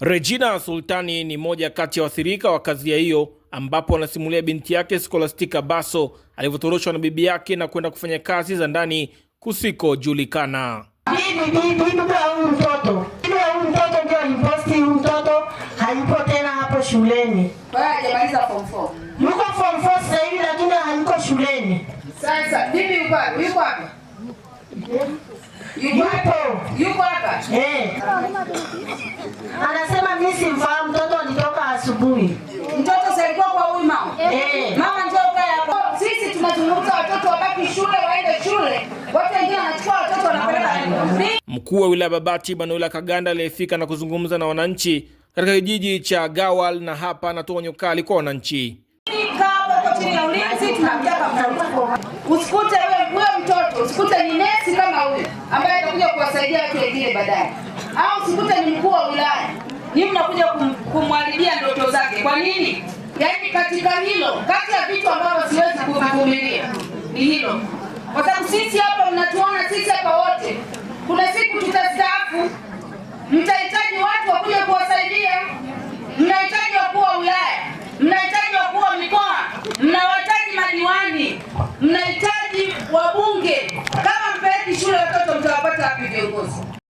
Regina Sultani ni moja kati ya waathirika wa kadhia hiyo, ambapo anasimulia binti yake Scholastica Basso alivyotoroshwa na bibi yake na kwenda kufanya kazi za ndani kusikojulikana. mtoto mimi yuko yuko wapi? hapa eh, anasema mimi simfahamu mtoto, alitoka asubuhi. Mtoto kwa huyu mama eh, eh. mama njoo kae hapo. Oh, sisi tunazungumza watoto wabaki shule, waende shule, watoto wanapeleka. Mkuu wa wilaya Babati manuela Kaganda aliyefika na kuzungumza na wananchi katika kijiji cha Gawal na hapa anatoa onyo kali kwa wananchi. Usikute wewe mtoto mwanaume ambaye atakuja kuwasaidia watu wengine baadaye, au sikute ni mkuu wa wilaya, ni mnakuja kumharibia ndoto zake. Kwa nini? Yaani, katika hilo, kati ya vitu ambavyo siwezi kuvumilia ni hilo, kwa sababu sisi hapa mnatuona तुमचा आपण चाकरी देऊ